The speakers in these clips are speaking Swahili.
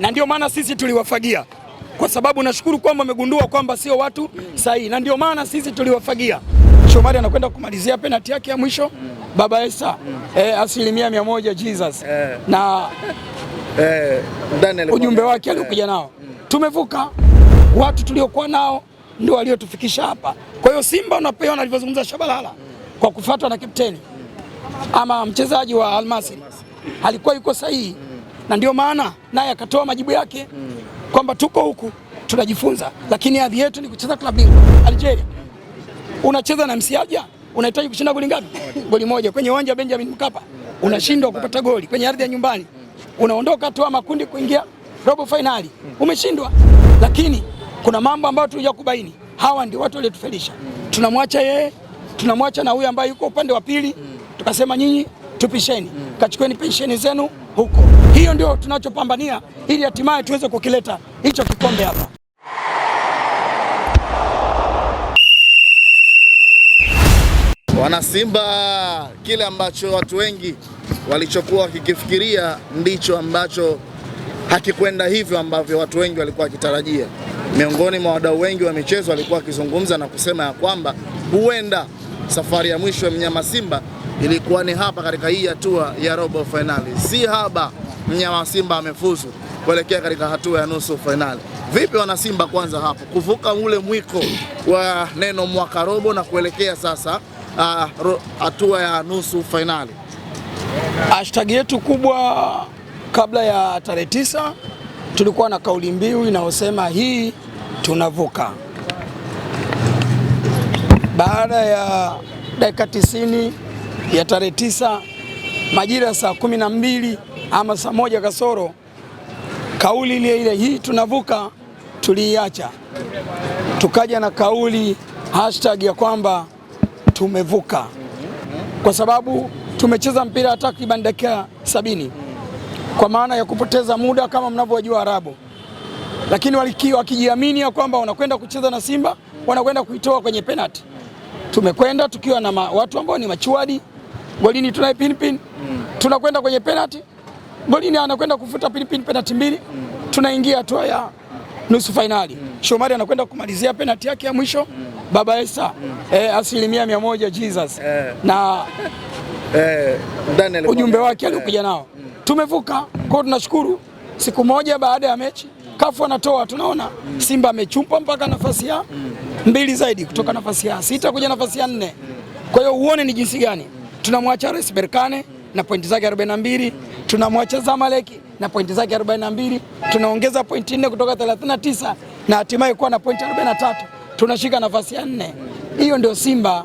na ndio maana sisi tuliwafagia kwa sababu nashukuru kwamba wamegundua kwamba sio watu sahihi, na ndio maana sisi tuliwafagia. Shomari anakwenda kumalizia penalti yake ya mwisho mm. Baba Esa mm. eh, asilimia mia moja Jesus eh. na eh, ujumbe wake aliokuja eh. nao mm. tumevuka. Watu tuliokuwa nao ndio waliotufikisha hapa. Kwa hiyo Simba unapeona alivyozungumza Shabalala mm. kwa kufuatwa na kapteni mm. ama mchezaji wa Almasi alikuwa yuko sahihi mm na ndio maana naye akatoa majibu yake kwamba tuko huku tunajifunza, lakini hadhi yetu ni kucheza klabu bingwa. Algeria unacheza na Msiaja, unahitaji kushinda goli ngapi? goli moja kwenye uwanja wa Benjamin Mkapa, unashindwa kupata goli kwenye ardhi ya nyumbani, unaondoka tu makundi kuingia robo fainali, umeshindwa. Lakini kuna mambo ambayo tulija kubaini, hawa ndio watu waliotufelisha. Tunamwacha yeye, tunamwacha na huyu ambaye yuko upande wa pili, mm. tukasema nyinyi tupisheni mm kachukueni pensheni zenu huko. Hiyo ndio tunachopambania ili hatimaye tuweze kukileta hicho kikombe hapa. Wanasimba, kile ambacho watu wengi walichokuwa wakikifikiria ndicho ambacho hakikwenda hivyo ambavyo watu wengi walikuwa wakitarajia. Miongoni mwa wadau wengi wa michezo walikuwa wakizungumza na kusema ya kwamba huenda safari ya mwisho ya mnyama Simba ilikuwa ni hapa katika hii hatua ya robo fainali. Si haba mnyama Simba amefuzu kuelekea katika hatua ya nusu fainali. Vipi wana Simba kwanza hapo kuvuka ule mwiko wa neno mwaka robo na kuelekea sasa ah, hatua uh, ya nusu fainali? Hashtag yetu kubwa kabla ya tarehe tisa tulikuwa na kauli mbiu inayosema hii tunavuka. Baada ya dakika tisini ya tarehe tisa majira saa kumi na mbili ama saa moja kasoro, kauli ile ile hii tunavuka tuliiacha, tukaja na kauli hashtag ya kwamba tumevuka, kwa sababu tumecheza mpira takriban dakika sabini kwa maana ya kupoteza muda kama mnavyojua Arabu, lakini wakijiamini ya kwamba wanakwenda kucheza na Simba wanakwenda kuitoa kwenye penati Tumekwenda tukiwa na watu ambao ni machuadi golini tunaye pinpin mm. tunakwenda kwenye penalty golini anakwenda kufuta Pinipini penalty mbili mm. tunaingia hatua ya nusu fainali mm. Shomari anakwenda kumalizia penalty yake ya mwisho mm. Baba Esa mm. eh, asilimia mia moja Jesus eh. na eh, ujumbe wake aliokuja eh. nao mm. tumevuka mm. kwao, tunashukuru. Siku moja baada ya mechi mm. kafu anatoa tunaona mm. Simba amechumpa mpaka nafasi ya mm. mbili zaidi kutoka mm. nafasi ya sita kuja nafasi ya nne mm. kwa hiyo uone ni jinsi gani mm tunamwacha RS Berkane na pointi zake 42, tunamwacha Zamalek na pointi zake 42, tunaongeza pointi 4 kutoka 39 na hatimaye kuwa na pointi 43, tunashika nafasi ya nne. Hiyo ndio Simba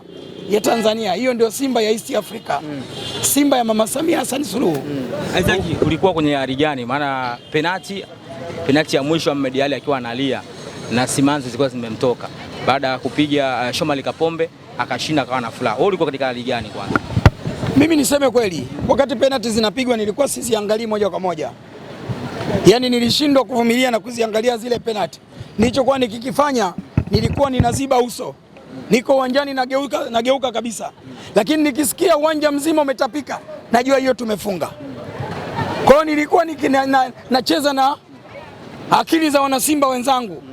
ya Tanzania, hiyo ndio Simba ya East Africa, Simba ya Mama Samia Hassan Suluhu. Aizaki, ulikuwa kwenye hali gani? Maana penati penati ya mwisho Ahmed Ally akiwa analia na simanzi zilikuwa zimemtoka baada ya kupiga uh, Shomari Kapombe akashinda akawa na furaha. Wewe ulikuwa katika hali gani kwanza? Mimi niseme kweli, wakati penalti zinapigwa nilikuwa siziangalii moja kwa moja, yaani nilishindwa kuvumilia na kuziangalia zile penalti. Nilichokuwa nikikifanya nilikuwa ninaziba uso, niko uwanjani nageuka, nageuka kabisa, lakini nikisikia uwanja mzima umetapika, najua hiyo tumefunga. Kwa hiyo nilikuwa nacheza na, na, na akili za wanasimba wenzangu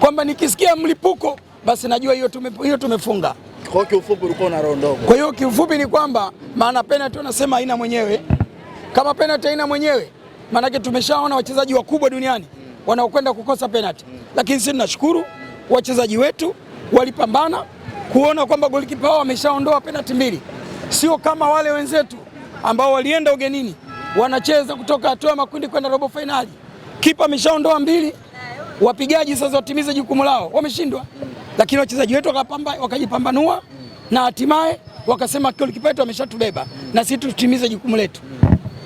kwamba nikisikia mlipuko basi najua hiyo tumefunga. Kwa hiyo kiufupi ulikuwa una roho ndogo. Kwa hiyo kiufupi ni kwamba maana penalty unasema haina mwenyewe. Kama penalty haina mwenyewe, maanake tumeshaona wachezaji wakubwa duniani wanaokwenda kukosa penalty, lakini sisi tunashukuru wachezaji wetu walipambana kuona kwamba golikipa wao wameshaondoa penalty mbili, sio kama wale wenzetu ambao walienda ugenini wanacheza kutoka hatua ya makundi kwenda robo fainali, kipa ameshaondoa mbili, wapigaji sasa watimize jukumu lao, wameshindwa lakini wachezaji wetu wakajipambanua na hatimaye wakasema golikipa wetu ameshatubeba na sisi tutimize jukumu letu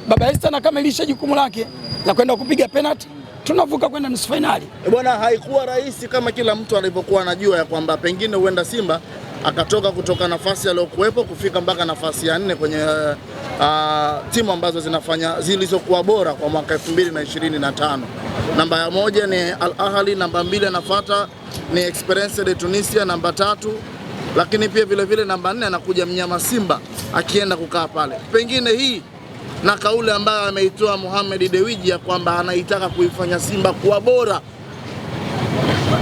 Baba Esta nakamilisha jukumu lake la kwenda kupiga penalti tunavuka kwenda nusu fainali. E bwana, haikuwa rahisi kama kila mtu alivyokuwa anajua ya kwamba pengine huenda Simba akatoka kutoka nafasi aliyokuwepo kufika mpaka nafasi ya nne kwenye uh, timu ambazo zinafanya zilizokuwa bora kwa mwaka 2025. Namba ya moja ni Al Ahli, namba mbili anafuata ni Esperance de Tunisia, namba tatu lakini pia vile vile namba nne anakuja mnyama Simba akienda kukaa pale. Pengine hii na kauli ambayo ameitoa Mohamed Dewiji ya kwamba anaitaka kuifanya Simba kuwa bora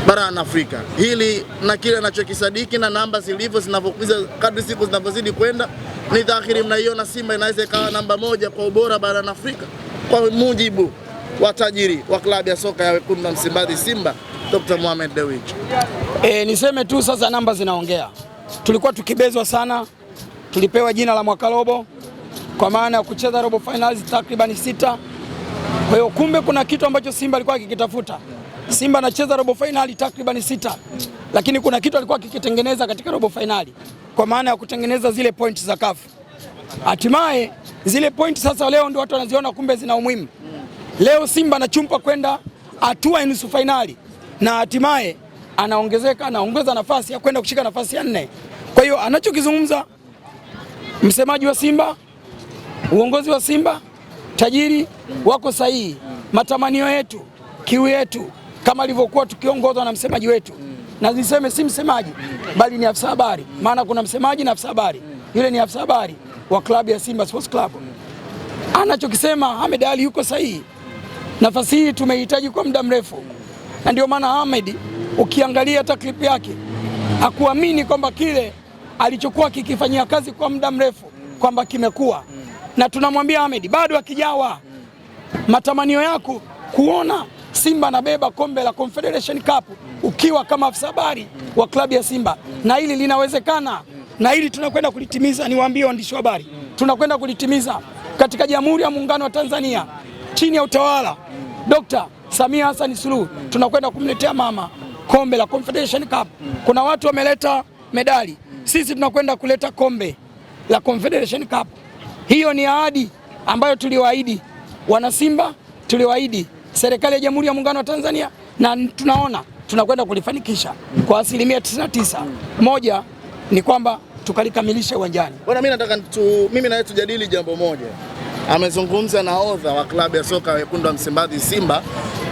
barani Afrika, hili na kile anachokisadiki na namba zilivyo zinavyokuza kadri siku zinavyozidi kwenda ni dhahiri mnaiona Simba inaweza ikawa namba moja kwa ubora barani Afrika kwa mujibu wa tajiri wa klabu ya soka ya wekundu na Msimbazi Simba Dr. Mohamed Dewji. E, niseme tu sasa namba zinaongea. Tulikuwa tukibezwa sana, tulipewa jina la mwaka robo kwa maana ya kucheza robo finals takriban sita. Kwa hiyo kumbe kuna kitu ambacho Simba alikuwa akikitafuta. Simba anacheza robo finali takriban sita, lakini kuna kitu alikuwa akikitengeneza katika robo finali kwa maana ya kutengeneza zile pointi za kafu. Hatimaye zile pointi sasa leo ndio watu wanaziona kumbe zina umuhimu. Leo Simba anachumpa kwenda hatua ya nusu fainali na hatimaye anaongezeka anaongeza nafasi ya kwenda kushika nafasi ya nne. Kwa hiyo anachokizungumza msemaji wa Simba, uongozi wa Simba, tajiri wako sahihi. Matamanio yetu, kiu yetu, kama alivyokuwa tukiongozwa na msemaji wetu na niseme si msemaji bali ni afisa habari, maana kuna msemaji na afisa habari. Yule ni afisa habari wa klabu ya Simba Sports Club. Anachokisema Ahmed ali yuko sahihi. Nafasi hii tumehitaji kwa muda mrefu, na ndio maana Ahmed, ukiangalia hata klipu yake hakuamini kwamba kile alichokuwa kikifanyia kazi kwa muda mrefu kwamba kimekuwa, na tunamwambia Ahmed bado akijawa matamanio yako kuona Simba anabeba kombe la Confederation Cup ukiwa kama afisa habari wa klabu ya Simba, na hili linawezekana, na hili tunakwenda kulitimiza. Niwaambie waandishi wa habari, tunakwenda kulitimiza katika Jamhuri ya Muungano wa Tanzania chini ya utawala Dr. Samia Hassan Suluhu. Tunakwenda kumletea mama kombe la Confederation Cup. Kuna watu wameleta medali, sisi tunakwenda kuleta kombe la Confederation Cup. Hiyo ni ahadi ambayo tuliwaahidi wana Simba, tuliwaahidi serikali ya Jamhuri ya Muungano wa Tanzania na tunaona tunakwenda kulifanikisha kwa asilimia 99. Moja ni kwamba tukalikamilisha uwanjani. Bwana, mimi nataka tu, mimi nawe tujadili jambo moja. Amezungumza na odha wa klabu ya soka wekundu wa Msimbazi Simba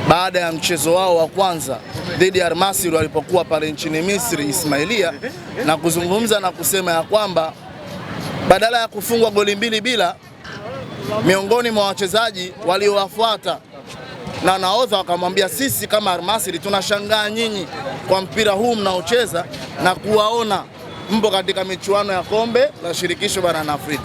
baada ya mchezo wao wa kwanza dhidi ya Almasri walipokuwa pale nchini Misri Ismailia, na kuzungumza na kusema ya kwamba badala ya kufungwa goli mbili bila, miongoni mwa wachezaji waliowafuata na naodha wakamwambia, sisi kama Almasry tunashangaa nyinyi kwa mpira huu mnaocheza na kuwaona mpo katika michuano ya kombe la shirikisho barani Afrika.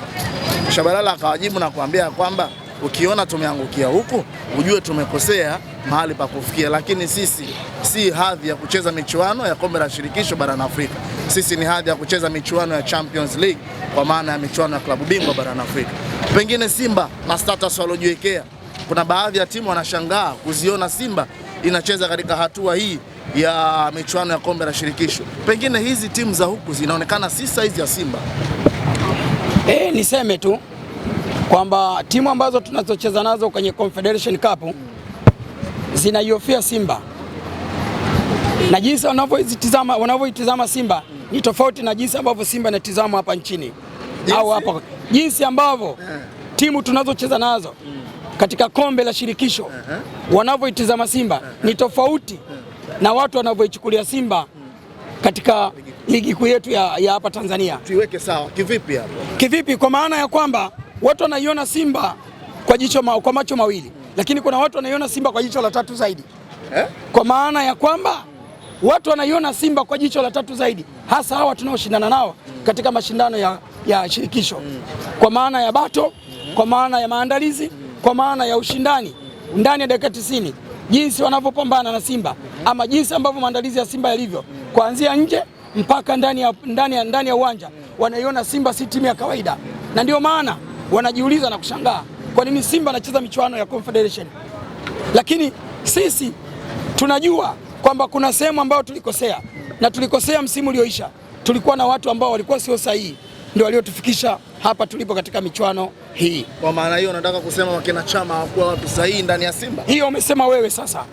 Shabalala akawajibu na kuambia kwamba ukiona tumeangukia huku ujue tumekosea mahali pa kufikia, lakini sisi si hadhi ya kucheza michuano ya kombe la shirikisho barani Afrika. Sisi ni hadhi ya kucheza michuano ya Champions League, kwa maana ya michuano ya klabu bingwa barani Afrika. Pengine Simba na status waliojiwekea kuna baadhi ya timu wanashangaa kuziona Simba inacheza katika hatua hii ya michuano ya kombe la shirikisho. Pengine hizi timu za huku zinaonekana si saizi ya Simba. E, niseme tu kwamba timu ambazo tunazocheza nazo kwenye Confederation Cup zinaiofia Simba na jinsi wanavyoitizama wanavyoitizama Simba ni tofauti na jinsi ambavyo Simba inatizama hapa nchini au hapa jinsi ambavyo eh. timu tunazocheza nazo mm katika kombe la shirikisho uh-huh. wanavyoitizama Simba uh-huh. ni tofauti uh-huh. na watu wanavyoichukulia Simba katika ligi kuu yetu ya, hapa Tanzania. Tuiweke sawa kivipi hapo? Kivipi? Kwa maana ya kwamba watu wanaiona Simba kwa jicho ma, kwa macho mawili, hmm. lakini kuna watu wanaiona Simba kwa jicho la tatu zaidi eh? Kwa maana ya kwamba watu wanaiona Simba kwa jicho la tatu zaidi, hasa hawa tunaoshindana nao hmm. katika mashindano ya, ya shirikisho, hmm. kwa maana ya bato, kwa maana ya maandalizi kwa maana ya ushindani ndani ya dakika tisini jinsi wanavyopambana na Simba ama jinsi ambavyo maandalizi ya Simba yalivyo kuanzia nje mpaka ndani ya ndani ya ndani ya uwanja, wanaiona Simba si timu ya kawaida, na ndio maana wanajiuliza na kushangaa kwa nini Simba anacheza michuano ya Confederation. Lakini sisi tunajua kwamba kuna sehemu ambayo tulikosea na tulikosea msimu ulioisha, tulikuwa na watu ambao walikuwa sio sahihi ndio waliotufikisha hapa tulipo katika michuano hii. Kwa maana hiyo, nataka kusema wakina Chama hawakuwa watu sahihi ndani ya Simba. Hiyo umesema wewe. Sasa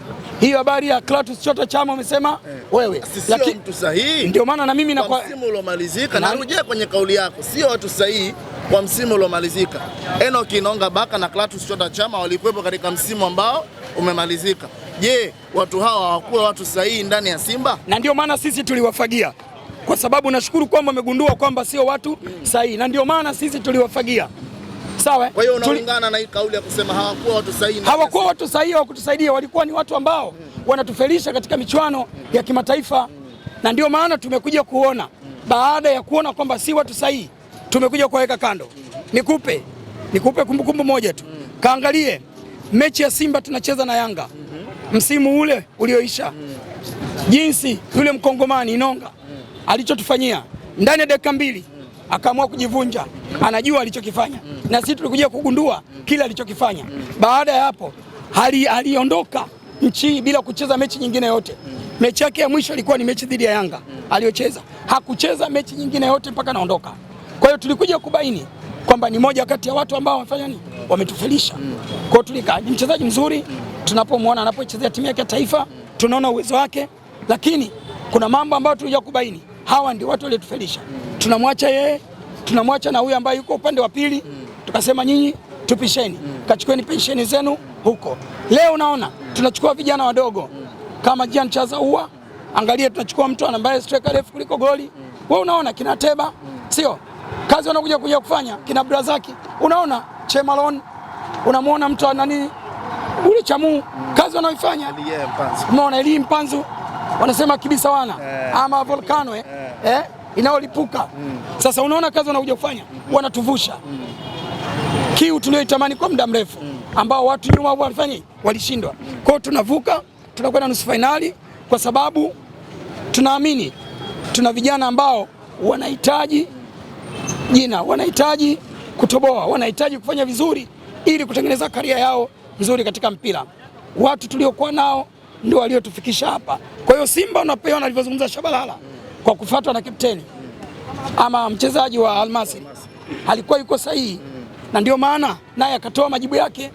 hiyo habari ya Clatous Chota Chama umesema eh, wewe sio mtu sahihi. Ndio maana na mimi na kwa msimu uliomalizika, narejea kwenye kauli yako, sio watu sahihi kwa msimu uliomalizika. Enoch Inaonga Baka na Clatous Chota Chama walikuwepo katika msimu ambao umemalizika. Je, watu hawa hawakuwa watu sahihi ndani ya Simba? Na ndio maana sisi tuliwafagia kwa sababu nashukuru kwamba wamegundua kwamba sio watu mm. sahihi, na ndio maana sisi tuliwafagia. Sawa, eh? kwa hiyo unaungana na kauli ya kusema hawakuwa watu sahihi, hawakuwa watu sahihi, kutusaidia, walikuwa ni watu ambao mm. wanatufelisha katika michuano mm. ya kimataifa mm. na ndio maana tumekuja kuona mm. baada ya kuona kwamba si watu sahihi, tumekuja kuwaweka kando mm. nikupe nikupe kumbukumbu moja tu mm. kaangalie mechi ya Simba tunacheza na Yanga mm -hmm. msimu ule ulioisha mm. jinsi yule mkongomani Inonga alichotufanyia ndani ya dakika mbili akaamua kujivunja, anajua alichokifanya, na sisi tulikuja kugundua kila alichokifanya. Baada ya hapo aliondoka nchi bila kucheza mechi nyingine yote. Mechi yake ya mwisho ilikuwa ni mechi dhidi ya Yanga aliyocheza, hakucheza mechi nyingine yote mpaka naondoka. Kwa hiyo tulikuja kubaini kwamba ni moja kati ya watu ambao wamefanya nini, wametufilisha. Kwa hiyo ni mchezaji mzuri tunapomwona anapochezea timu yake ya taifa, tunaona uwezo wake, lakini kuna mambo ambayo tulikuja kubaini hawa ndio watu waliotufelisha. Tunamwacha yeye, tunamwacha na huyu ambaye yuko upande wa pili, tukasema nyinyi tupisheni, kachukueni pensheni zenu huko. Leo unaona tunachukua vijana wadogo kama Jean Chaza Uwa, angalia, tunachukua mtu ambaye striker refu kuliko goli. Wewe unaona kina Teba, sio kazi wanakuja kuja kufanya kina Brazaki, unaona Chemalon, unamwona mtu nani ule chamuu, kazi wanaoifanya umeona Elii Mpanzu wanasema kibisa wana eh. ama volcano eh, eh, eh inayolipuka mm. Sasa unaona kazi wanakuja kufanya mm -hmm. wanatuvusha mm. kiu tuliyoitamani kwa muda mrefu mm. ambao watu nyuma walifanya walishindwa mm. kwao, tunavuka tunakwenda nusu fainali kwa sababu tunaamini tuna vijana ambao wanahitaji jina, wanahitaji kutoboa, wanahitaji kufanya vizuri ili kutengeneza karia yao nzuri katika mpira. Watu tuliokuwa nao ndio waliotufikisha hapa. Kwa hiyo Simba unapewa alivyozungumza Shabalala kwa kufuatwa na kapteni ama mchezaji wa Almasi alikuwa yuko sahihi, na ndio maana naye akatoa majibu yake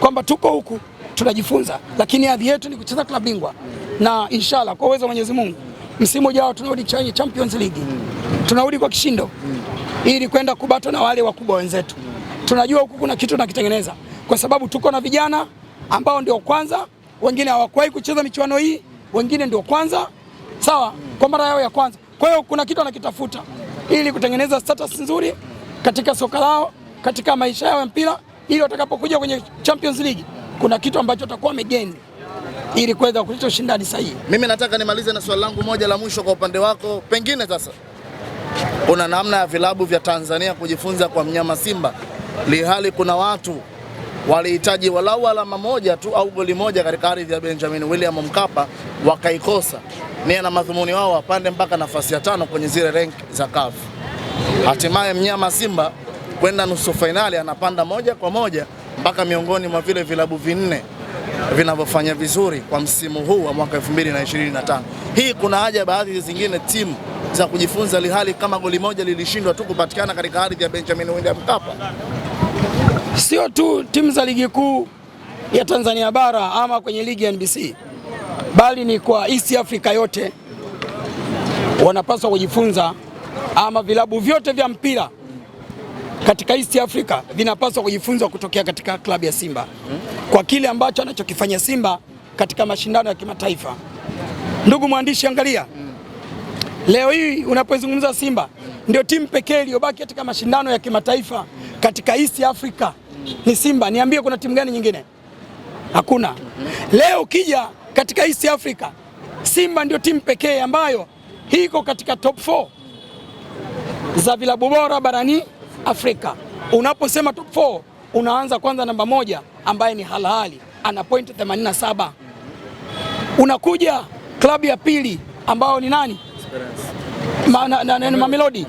kwamba tuko huku tunajifunza, lakini hadhi yetu ni kucheza klabu bingwa, na inshallah kwa uwezo wa Mwenyezi Mungu msimu ujao tunarudi chenye Champions League, tunarudi kwa kishindo ili kwenda kubatwa na wale wakubwa wenzetu. Tunajua huku kuna kitu tunakitengeneza, kwa sababu tuko na vijana ambao ndio kwanza wengine hawakuwahi kucheza michuano hii, wengine ndio kwanza, sawa, kwa mara yao ya kwanza. Kwa hiyo kuna kitu anakitafuta ili kutengeneza status nzuri katika soka lao, katika maisha yao ya mpira, ili watakapokuja kwenye Champions League kuna kitu ambacho atakuwa wamegeni ili kuweza kuleta ushindani sahihi. Mimi nataka nimalize na swali langu moja la mwisho kwa upande wako, pengine sasa kuna namna ya vilabu vya Tanzania kujifunza kwa mnyama Simba, lihali kuna watu walihitaji walau alama moja tu au goli moja katika ardhi ya Benjamin William Mkapa wakaikosa, nia na madhumuni wao wapande mpaka nafasi ya tano kwenye zile rank za CAF. Hatimaye mnyama Simba kwenda nusu fainali anapanda moja kwa moja mpaka miongoni mwa vile vilabu vinne vinavyofanya vizuri kwa msimu huu wa mwaka 2025. Hii kuna haja baadhi zingine timu za kujifunza, lihali kama goli moja lilishindwa tu kupatikana katika ardhi ya Benjamin William Mkapa sio tu timu za ligi kuu ya Tanzania bara ama kwenye ligi ya NBC, bali ni kwa East Africa yote wanapaswa kujifunza, ama vilabu vyote vya mpira katika East Africa vinapaswa kujifunza kutokea katika klabu ya Simba kwa kile ambacho anachokifanya Simba katika mashindano ya kimataifa. Ndugu mwandishi, angalia leo hii unapozungumza Simba ndio timu pekee iliyobaki katika mashindano ya kimataifa katika East Africa ni Simba. Niambie, kuna timu gani nyingine? Hakuna. Leo ukija katika East Africa, Simba ndio timu pekee ambayo hiko katika top 4 za vilabu bora barani Afrika. Unaposema top 4 unaanza kwanza namba moja ambaye ni Al Ahly ana point 87. Unakuja klabu ya pili ambayo ni nani? Mamelodi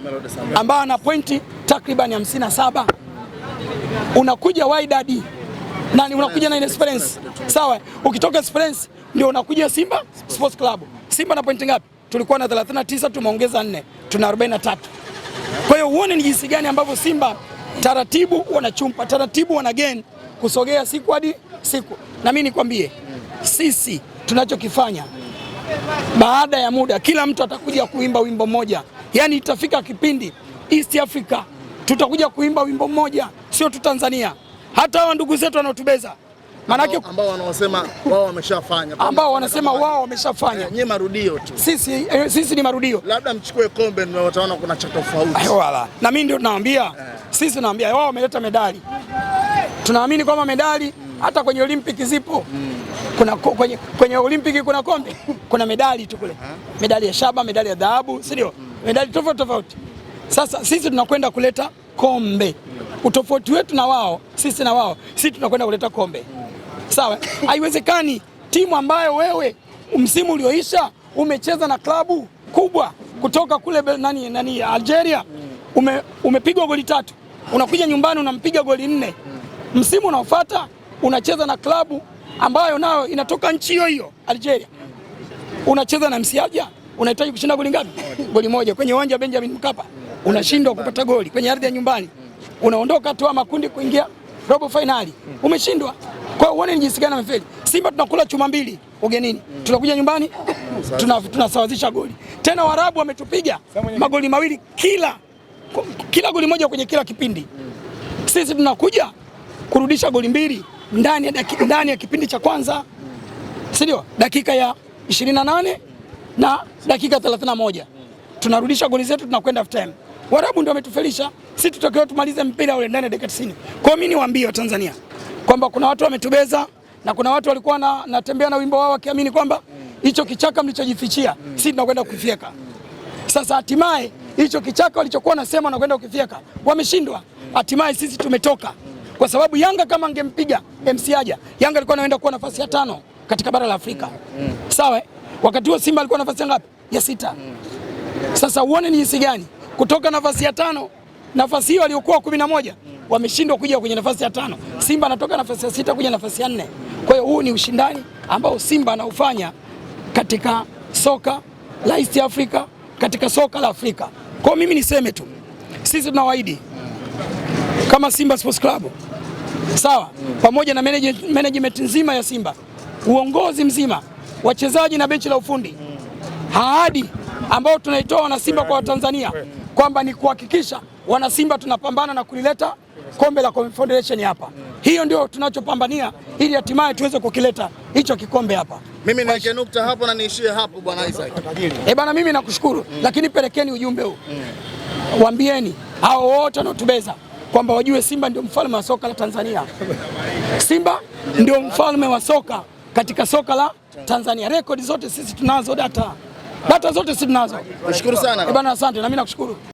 ambayo ana pointi takriban 57 unakuja Wydad nani, unakuja na experience sawa. Ukitoka experience ndio unakuja Simba Sports Club. Simba na pointi ngapi? Tulikuwa na 39 tumeongeza 4, tuna 43. Kwa hiyo uone ni jinsi gani ambavyo Simba taratibu wanachumpa, taratibu wana gain kusogea siku hadi siku. Na mimi nikwambie, sisi tunachokifanya baada ya muda, kila mtu atakuja kuimba wimbo mmoja, yaani itafika kipindi East Africa tutakuja kuimba wimbo mmoja sio tu Tanzania, hata hawa ndugu zetu wanaotubeza Manake ambao wanasema wao wameshafanya, ambao wanasema wao wameshafanya, nyie marudio tu. Sisi eh, sisi ni marudio, labda mchukue kombe ndio wataona kuna cha tofauti wala. Na mimi ndio tunawaambia eh, sisi tunawaambia wao wameleta medali, tunaamini kwamba medali mm, hata kwenye Olimpiki zipo mm, kuna kwenye, kwenye Olimpiki kuna kombe kuna medali tu kule huh? Eh? medali ya shaba, medali ya dhahabu, si ndio? mm. medali tofauti tofauti. Sasa sisi tunakwenda kuleta kombe mm. Utofauti wetu na wao, sisi na wao, sisi tunakwenda kuleta kombe, sawa? Haiwezekani timu ambayo wewe msimu ulioisha umecheza na klabu kubwa kutoka kule nani, nani Algeria, ume, umepigwa goli tatu, unakuja nyumbani unampiga goli nne. Msimu unaofuata unacheza na klabu ambayo nayo inatoka nchi hiyo hiyo Algeria, unacheza na Msiaja, unahitaji kushinda goli ngapi? Goli moja kwenye uwanja wa Benjamin Mkapa, unashindwa kupata goli kwenye ardhi ya nyumbani unaondoka hatua makundi kuingia robo fainali umeshindwa. Kwa hiyo uone ni jinsi gani amefeli Simba. Tunakula chuma mbili ugenini, tunakuja nyumbani tunasawazisha tuna goli tena. warabu wametupiga magoli mawili kila kila goli moja kwenye kila kipindi, sisi tunakuja kurudisha goli mbili ndani ya, ndani ya kipindi cha kwanza, si Dakika ya 28 na dakika 31 tunarudisha goli zetu, tunakwenda half time. Warabu ndio wametufelisha sisi, tutakiwa tumalize mpira ule ndani ya dakika 90. Kwa hiyo mimi niwaambie Watanzania kwamba kuna watu wametubeza na kuna watu walikuwa na, natembea na wimbo wao wakiamini kwamba hicho kichaka mlichojifichia sisi tunakwenda kufyeka. Sasa hatimaye hicho kichaka walichokuwa wanasema wanakwenda kukifyeka wameshindwa. Hatimaye sisi tumetoka, kwa sababu Yanga kama angempiga MC Aja, Yanga alikuwa anaenda kuwa nafasi ya tano katika bara la Afrika, sawa? Eh? Wakati huo Simba alikuwa nafasi ya ngapi? Ya sita. Sasa uone ni jinsi gani kutoka nafasi ya tano, nafasi hiyo aliyokuwa kumi na moja wameshindwa kuja kwenye nafasi ya tano. Simba anatoka nafasi ya sita kuja nafasi ya nne. Kwa hiyo huu ni ushindani ambao Simba anaufanya katika soka la East Africa, katika soka la Afrika. Kwa hiyo mimi niseme tu, sisi tunawaahidi kama Simba Sports Club sawa, pamoja na management nzima ya Simba, uongozi mzima, wachezaji na benchi la ufundi, ahadi ambao tunaitoa wana Simba kwa Watanzania kwamba ni kuhakikisha wanasimba tunapambana na kulileta kombe la Confederation hapa. Hiyo ndio tunachopambania ili hatimaye tuweze kukileta hicho kikombe hapa. Mimi niweke nukta hapo na niishie hapo bwana Isaac. Eh, bwana mimi nakushukuru mm. Lakini pelekeni ujumbe huu mm. Waambieni hao wote wanaotubeza kwamba wajue Simba ndio mfalme wa soka la Tanzania. Simba ndio mfalme wa soka katika soka la Tanzania. Rekodi zote sisi tunazo data Data zote si tunazo. Nashukuru sana. Eh, bana asante, na mimi nakushukuru.